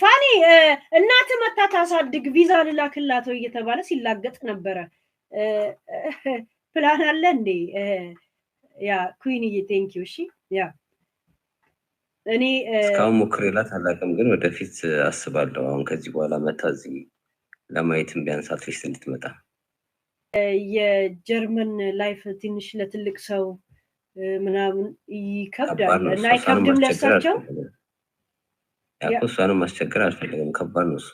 ፋኒ እናት መታ ታሳድግ ቪዛ ልላክላተው እየተባለ ሲላገጥ ነበረ። ፕላን አለ እንዴ? ያ ኩዊንዬ ቴንኪው። እሺ ያ እኔ እስካሁን ሞክሬላት አላውቅም፣ ግን ወደፊት አስባለሁ። አሁን ከዚህ በኋላ መታ እዚህ ለማየትም ቢያንስ አትሊስት እንድትመጣ የጀርመን ላይፍ ትንሽ ለትልቅ ሰው ምናምን ይከብዳል እና አይከብድም ለሳቸው እሷንም ማስቸገር አልፈልግም። ከባድ ነው እሱ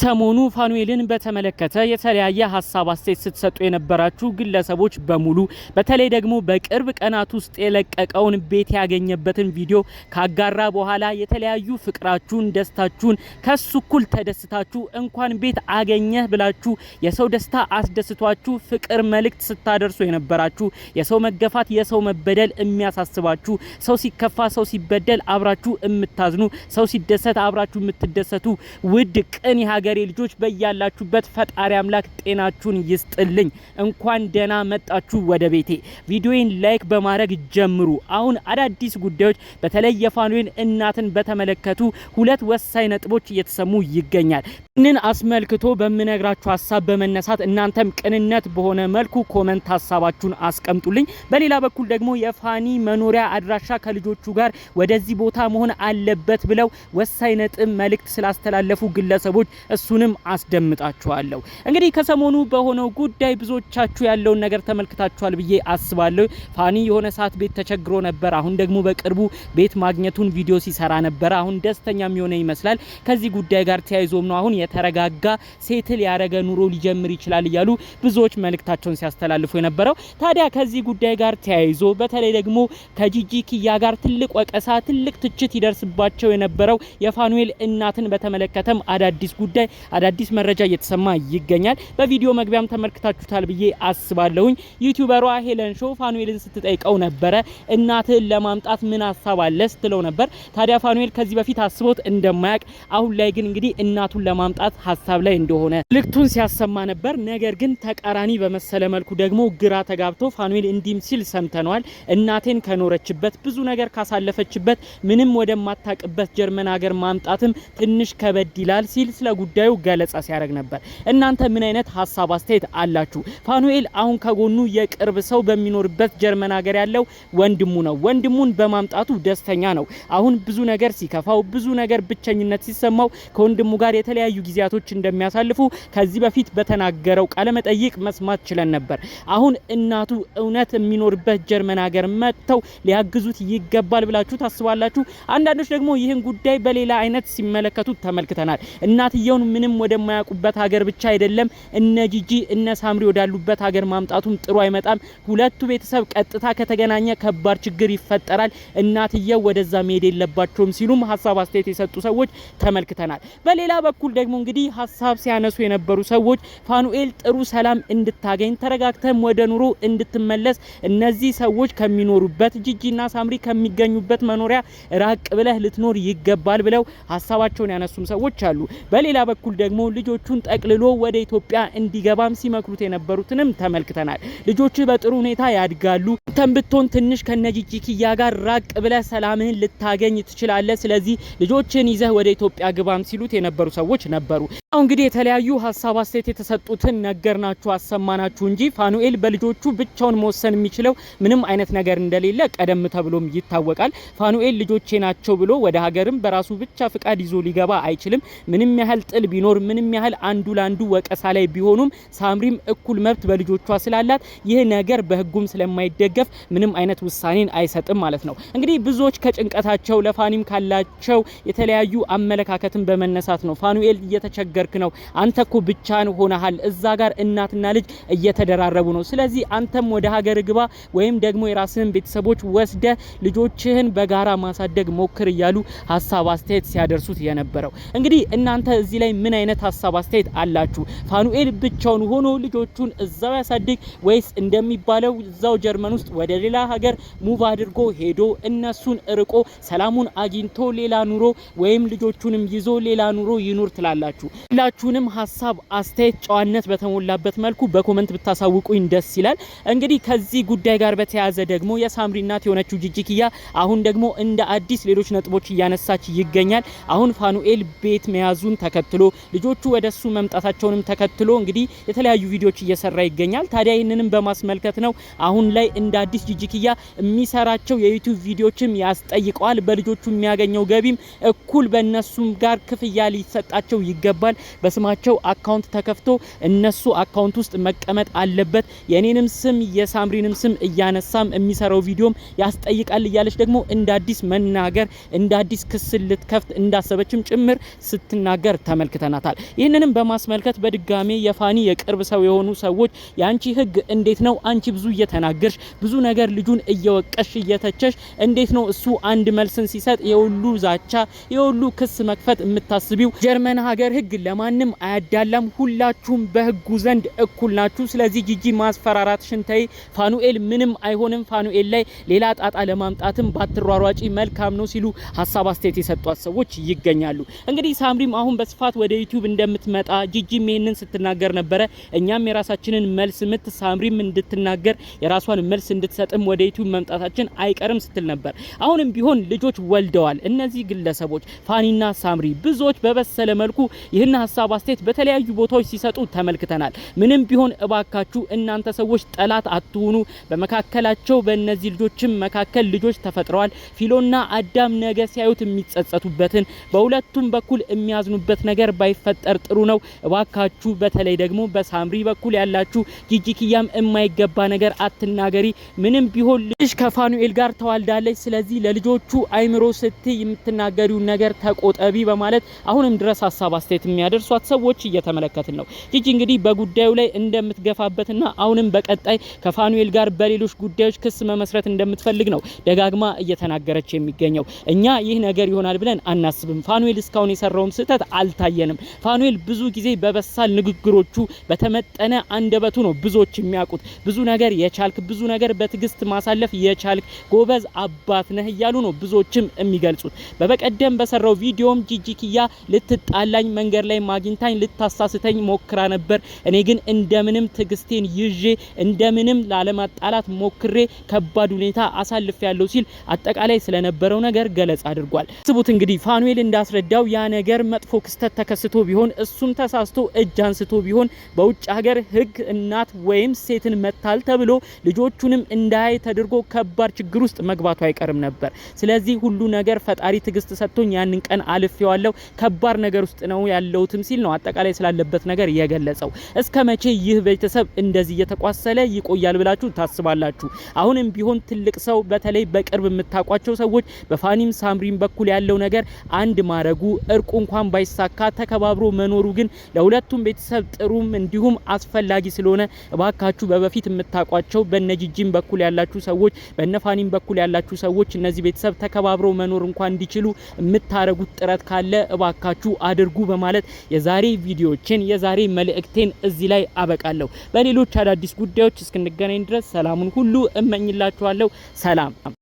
ሰሞኑ ፋኑኤልን በተመለከተ የተለያየ ሀሳብ አስተያየት ስትሰጡ የነበራችሁ ግለሰቦች በሙሉ በተለይ ደግሞ በቅርብ ቀናት ውስጥ የለቀቀውን ቤት ያገኘበትን ቪዲዮ ካጋራ በኋላ የተለያዩ ፍቅራችሁን፣ ደስታችሁን ከሱ እኩል ተደስታችሁ እንኳን ቤት አገኘህ ብላችሁ የሰው ደስታ አስደስቷችሁ ፍቅር መልእክት ስታደርሱ የነበራችሁ የሰው መገፋት፣ የሰው መበደል የሚያሳስባችሁ ሰው ሲከፋ፣ ሰው ሲበደል አብራችሁ የምታዝኑ ሰው ሲደሰት አብራችሁ የምትደሰቱ ውድ ቅን የሀገሬ ልጆች በያላችሁበት ፈጣሪ አምላክ ጤናችሁን ይስጥልኝ። እንኳን ደህና መጣችሁ ወደ ቤቴ። ቪዲዮን ላይክ በማድረግ ጀምሩ። አሁን አዳዲስ ጉዳዮች በተለይ የፋኖን እናትን በተመለከቱ ሁለት ወሳኝ ነጥቦች እየተሰሙ ይገኛል። ይህንን አስመልክቶ በምነግራችሁ ሀሳብ በመነሳት እናንተም ቅንነት በሆነ መልኩ ኮመንት ሀሳባችሁን አስቀምጡልኝ። በሌላ በኩል ደግሞ የፋኒ መኖሪያ አድራሻ ከልጆቹ ጋር ወደዚህ ቦታ መሆን አለበት ብለው ወሳኝ ነጥብ መልእክት ስላስተላለፉ ግለሰቦች እሱንም አስደምጣችኋለሁ። እንግዲህ ከሰሞኑ በሆነው ጉዳይ ብዙዎቻችሁ ያለውን ነገር ተመልክታችኋል ብዬ አስባለሁ። ፋኒ የሆነ ሰዓት ቤት ተቸግሮ ነበር። አሁን ደግሞ በቅርቡ ቤት ማግኘቱን ቪዲዮ ሲሰራ ነበር አሁን ደስተኛ የሚሆነ ይመስላል። ከዚህ ጉዳይ ጋር ተያይዞም ነው አሁን የተረጋጋ ሴትል ያደረገ ኑሮ ሊጀምር ይችላል እያሉ ብዙዎች መልእክታቸውን ሲያስተላልፉ የነበረው ታዲያ ከዚህ ጉዳይ ጋር ተያይዞ በተለይ ደግሞ ከጂጂ ኪያ ጋር ትልቅ ወቀሳ፣ ትልቅ ትችት ይደርስባቸው የነበረው የፋኑኤል እናትን በተመለከተም አዳዲስ ጉዳይ ላይ አዳዲስ መረጃ እየተሰማ ይገኛል። በቪዲዮ መግቢያም ተመልክታችሁታል ብዬ አስባለሁኝ። ዩቲዩበሯ ሄለን ሾው ፋኑኤልን ስትጠይቀው ነበረ። እናትህን ለማምጣት ምን ሀሳብ አለ ስትለው ነበር። ታዲያ ፋኑኤል ከዚህ በፊት አስቦት እንደማያውቅ አሁን ላይ ግን እንግዲህ እናቱን ለማምጣት ሀሳብ ላይ እንደሆነ ልክቱን ሲያሰማ ነበር። ነገር ግን ተቃራኒ በመሰለ መልኩ ደግሞ ግራ ተጋብቶ ፋኑኤል እንዲህም ሲል ሰምተነዋል። እናቴን ከኖረችበት ብዙ ነገር ካሳለፈችበት ምንም ወደማታቅበት ጀርመን ሀገር ማምጣትም ትንሽ ከበድ ይላል ሲል ስለ ጉዳዩ ጉዳዩ ገለጻ ሲያደርግ ነበር። እናንተ ምን አይነት ሀሳብ አስተያየት አላችሁ? ፋኑኤል አሁን ከጎኑ የቅርብ ሰው በሚኖርበት ጀርመን ሀገር ያለው ወንድሙ ነው። ወንድሙን በማምጣቱ ደስተኛ ነው። አሁን ብዙ ነገር ሲከፋው፣ ብዙ ነገር ብቸኝነት ሲሰማው ከወንድሙ ጋር የተለያዩ ጊዜያቶች እንደሚያሳልፉ ከዚህ በፊት በተናገረው ቃለመጠይቅ መስማት ችለን ነበር። አሁን እናቱ እውነት የሚኖርበት ጀርመን ሀገር መጥተው ሊያግዙት ይገባል ብላችሁ ታስባላችሁ? አንዳንዶች ደግሞ ይህን ጉዳይ በሌላ አይነት ሲመለከቱት ተመልክተናል። እናትየውን አሁን ምንም ወደማያውቁበት ሀገር ብቻ አይደለም እነ ጂጂ እነ ሳምሪ ወዳሉበት ሀገር ማምጣቱም ጥሩ አይመጣም። ሁለቱ ቤተሰብ ቀጥታ ከተገናኘ ከባድ ችግር ይፈጠራል። እናትየው ወደዛ መሄድ የለባቸውም ሲሉም ሀሳብ አስተያየት የሰጡ ሰዎች ተመልክተናል። በሌላ በኩል ደግሞ እንግዲህ ሀሳብ ሲያነሱ የነበሩ ሰዎች ፋኑኤል ጥሩ ሰላም እንድታገኝ ተረጋግተም ወደ ኑሮ እንድትመለስ እነዚህ ሰዎች ከሚኖሩበት ጂጂና ሳምሪ ከሚገኙበት መኖሪያ ራቅ ብለህ ልትኖር ይገባል ብለው ሀሳባቸውን ያነሱም ሰዎች አሉ። በሌላ በኩል ደግሞ ልጆቹን ጠቅልሎ ወደ ኢትዮጵያ እንዲገባም ሲመክሩት የነበሩትንም ተመልክተናል። ልጆች በጥሩ ሁኔታ ያድጋሉ፣ አንተም ብትሆን ትንሽ ከነጂጂኪያ ጋር ራቅ ብለ ሰላምህን ልታገኝ ትችላለህ። ስለዚህ ልጆችን ይዘህ ወደ ኢትዮጵያ ግባም ሲሉት የነበሩ ሰዎች ነበሩ። አሁ እንግዲህ የተለያዩ ሀሳብ አስተያየት የተሰጡትን ነገርናችሁ አሰማናችሁ እንጂ ፋኑኤል በልጆቹ ብቻውን መወሰን የሚችለው ምንም አይነት ነገር እንደሌለ ቀደም ተብሎም ይታወቃል። ፋኑኤል ልጆቼ ናቸው ብሎ ወደ ሀገርም በራሱ ብቻ ፍቃድ ይዞ ሊገባ አይችልም። ምንም ያህል ጥል ቢኖር፣ ምንም ያህል አንዱ ለአንዱ ወቀሳ ላይ ቢሆኑም ሳምሪም እኩል መብት በልጆቿ ስላላት ይህ ነገር በህጉም ስለማይደገፍ ምንም አይነት ውሳኔን አይሰጥም ማለት ነው። እንግዲህ ብዙዎች ከጭንቀታቸው ለፋኒም ካላቸው የተለያዩ አመለካከትን በመነሳት ነው ፋኑኤል እየተቸገረ እየተናገርክ ነው። አንተ እኮ ብቻህን ሆነሃል። እዛ ጋር እናትና ልጅ እየተደራረቡ ነው። ስለዚህ አንተም ወደ ሀገር ግባ ወይም ደግሞ የራስህን ቤተሰቦች ወስደ ልጆችህን በጋራ ማሳደግ ሞክር እያሉ ሀሳብ አስተያየት ሲያደርሱት የነበረው እንግዲህ እናንተ እዚህ ላይ ምን አይነት ሀሳብ አስተያየት አላችሁ? ፋኑኤል ብቻውን ሆኖ ልጆቹን እዛው ያሳድግ ወይስ እንደሚባለው እዛው ጀርመን ውስጥ ወደ ሌላ ሀገር ሙቭ አድርጎ ሄዶ እነሱን እርቆ ሰላሙን አግኝቶ ሌላ ኑሮ ወይም ልጆቹንም ይዞ ሌላ ኑሮ ይኑር ትላላችሁ? ሁላችሁንም ሀሳብ፣ አስተያየት ጨዋነት በተሞላበት መልኩ በኮመንት ብታሳውቁኝ ደስ ይላል። እንግዲህ ከዚህ ጉዳይ ጋር በተያያዘ ደግሞ የሳምሪ እናት የሆነችው ጅጅክያ አሁን ደግሞ እንደ አዲስ ሌሎች ነጥቦች እያነሳች ይገኛል። አሁን ፋኑኤል ቤት መያዙን ተከትሎ ልጆቹ ወደ እሱ መምጣታቸውንም ተከትሎ እንግዲህ የተለያዩ ቪዲዮዎች እየሰራ ይገኛል። ታዲያ ይህንንም በማስመልከት ነው አሁን ላይ እንደ አዲስ ጅጅክያ የሚሰራቸው የዩቱብ ቪዲዮችም ያስጠይቀዋል። በልጆቹ የሚያገኘው ገቢም እኩል በእነሱም ጋር ክፍያ ሊሰጣቸው ይገባል። በስማቸው አካውንት ተከፍቶ እነሱ አካውንት ውስጥ መቀመጥ አለበት። የኔንም ስም የሳምሪንም ስም እያነሳም የሚሰራው ቪዲዮም ያስጠይቃል እያለች ደግሞ እንደ አዲስ መናገር እንደ አዲስ ክስ ልትከፍት እንዳሰበችም ጭምር ስትናገር ተመልክተናታል። ይህንንም በማስመልከት በድጋሜ የፋኒ የቅርብ ሰው የሆኑ ሰዎች የአንቺ ህግ እንዴት ነው? አንቺ ብዙ እየተናገርሽ ብዙ ነገር ልጁን እየወቀሽ እየተቸሽ እንዴት ነው እሱ አንድ መልስን ሲሰጥ የሁሉ ዛቻ የሁሉ ክስ መክፈት የምታስቢው? ጀርመን ሀገር ህግ ለማንም አያዳላም። ሁላችሁም በህጉ ዘንድ እኩል ናችሁ። ስለዚህ ጂጂ ማስፈራራት ሽንተይ ፋኑኤል ምንም አይሆንም። ፋኑኤል ላይ ሌላ ጣጣ ለማምጣትም ባትሯሯጪ መልካም ነው ሲሉ ሀሳብ አስተያየት የሰጧት ሰዎች ይገኛሉ። እንግዲህ ሳምሪም አሁን በስፋት ወደ ዩቲዩብ እንደምትመጣ ጂጂም ይህንን ስትናገር ነበረ። እኛም የራሳችንን መልስ ምት ሳምሪም እንድትናገር የራሷን መልስ እንድትሰጥም ወደ ዩቲዩብ መምጣታችን አይቀርም ስትል ነበር። አሁንም ቢሆን ልጆች ወልደዋል። እነዚህ ግለሰቦች ፋኒና ሳምሪ ብዙዎች በበሰለ መልኩ ይህን ሀሳብ አስተያየት በተለያዩ ቦታዎች ሲሰጡ ተመልክተናል። ምንም ቢሆን እባካችሁ እናንተ ሰዎች ጠላት አትሁኑ። በመካከላቸው በእነዚህ ልጆችም መካከል ልጆች ተፈጥረዋል። ፊሎና አዳም ነገ ሲያዩት የሚጸጸቱበትን በሁለቱም በኩል የሚያዝኑበት ነገር ባይፈጠር ጥሩ ነው። እባካችሁ በተለይ ደግሞ በሳምሪ በኩል ያላችሁ ጂጂኪያም የማይገባ ነገር አትናገሪ። ምንም ቢሆን ልጅ ከፋኑኤል ጋር ተዋልዳለች። ስለዚህ ለልጆቹ አይምሮ ስትይ የምትናገሪውን ነገር ተቆጠቢ በማለት አሁንም ድረስ ሀሳብ አስተያየት የሚያደርሷት ሰዎች እየተመለከትን ነው። ጂጂ እንግዲህ በጉዳዩ ላይ እንደምትገፋበትና አሁንም በቀጣይ ከፋኑኤል ጋር በሌሎች ጉዳዮች ክስ መመስረት እንደምትፈልግ ነው ደጋግማ እየተናገረች የሚገኘው። እኛ ይህ ነገር ይሆናል ብለን አናስብም። ፋኑኤል እስካሁን የሰራውም ስህተት አልታየንም። ፋኑኤል ብዙ ጊዜ በበሳል ንግግሮቹ፣ በተመጠነ አንደበቱ ነው ብዙዎች የሚያውቁት። ብዙ ነገር የቻልክ ብዙ ነገር በትዕግስት ማሳለፍ የቻልክ ጎበዝ አባት ነህ እያሉ ነው ብዙዎችም የሚገልጹት። በበቀደም በሰራው ቪዲዮም ጂጂ ኪያ ልትጣላኝ መንገድ ላይ ላይ ማግኝታኝ ልታሳስተኝ ሞክራ ነበር። እኔ ግን እንደምንም ትዕግስቴን ይዤ እንደምንም ላለማጣላት ሞክሬ ከባድ ሁኔታ አሳልፍ ያለው ሲል አጠቃላይ ስለነበረው ነገር ገለጻ አድርጓል። ስቡት እንግዲህ ፋኑኤል እንዳስረዳው ያ ነገር መጥፎ ክስተት ተከስቶ ቢሆን እሱም ተሳስቶ እጅ አንስቶ ቢሆን በውጭ ሀገር ህግ እናት ወይም ሴትን መታል ተብሎ ልጆቹንም እንዳያይ ተደርጎ ከባድ ችግር ውስጥ መግባቱ አይቀርም ነበር። ስለዚህ ሁሉ ነገር ፈጣሪ ትግስት ሰጥቶኝ ያንን ቀን አልፌዋለሁ። ከባድ ነገር ውስጥ ነው ያለው የለውትም ሲል ነው አጠቃላይ ስላለበት ነገር የገለጸው። እስከ መቼ ይህ ቤተሰብ እንደዚህ እየተቋሰለ ይቆያል ብላችሁ ታስባላችሁ? አሁንም ቢሆን ትልቅ ሰው በተለይ በቅርብ የምታውቋቸው ሰዎች በፋኒም ሳምሪም በኩል ያለው ነገር አንድ ማረጉ እርቁ እንኳን ባይሳካ ተከባብሮ መኖሩ ግን ለሁለቱም ቤተሰብ ጥሩም እንዲሁም አስፈላጊ ስለሆነ እባካችሁ በበፊት የምታውቋቸው በነጂጂም በኩል ያላችሁ ሰዎች በነፋኒም በኩል ያላችሁ ሰዎች እነዚህ ቤተሰብ ተከባብሮ መኖር እንኳን እንዲችሉ የምታረጉት ጥረት ካለ እባካችሁ አድርጉ በማለት የዛሬ ቪዲዮችን የዛሬ መልእክቴን እዚህ ላይ አበቃለሁ። በሌሎች አዳዲስ ጉዳዮች እስክንገናኝ ድረስ ሰላሙን ሁሉ እመኝላችኋለሁ። ሰላም